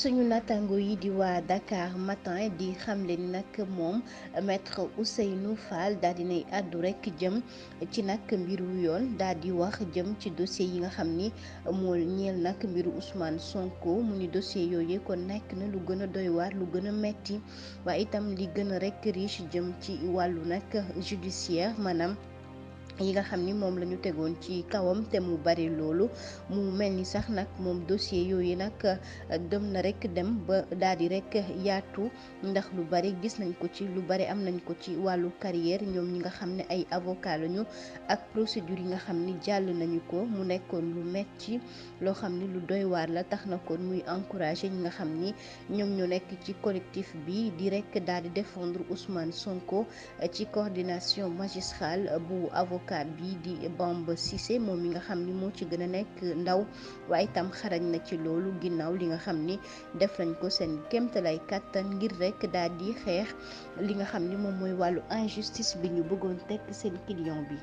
suñu natango yi di waa Dakar matin di xamle ni nag moom maître Ousseynou Fall daal di nay àddu rekk jëm ci nag mbiru yoon daal di wax jëm ci dossier yi nga xam ni moo ñeel nag mbiru Ousmane Sonko mu ni dossier yooyu kon nekk na lu gën a lu gën a metti waaye itam li gën a rek riche jëm ci wàllu nag judiciaire maanaam. yi nga xam ni moom la ñu tegoon ci kawam te mu bari loolu mu mel ni sax nag moom dossier yooyu nag euh, dem na rek dem ba daal di rek yaatu ndax lu bari gis nañ ko ci lu bari am nañ ko ci wàllu carrière ñoom ñi nga xam ne ay avocat lañu ak procédure yi nga xam ni jàll nañu ko mu nekkoon lu ci loo xam ni lu doy waar la tax na kon muy encourager ñi nga xam ni ñoom ñu nekk ci collectif bi di rek daal di défendre Ousmane Sonko ci coordination magistrale bu avocat avocat bi di Bamba Cissé moom mi nga xam ni moo ci gën a nekk ndaw waaye itam xarañ na ci loolu ginnaaw li nga xam ni def nañ ko seen kéemtalaay kàttan ngir rek daal xeex li nga xam ni moom mooy wàllu injustice bi ñu bëggoon teg seen client bi.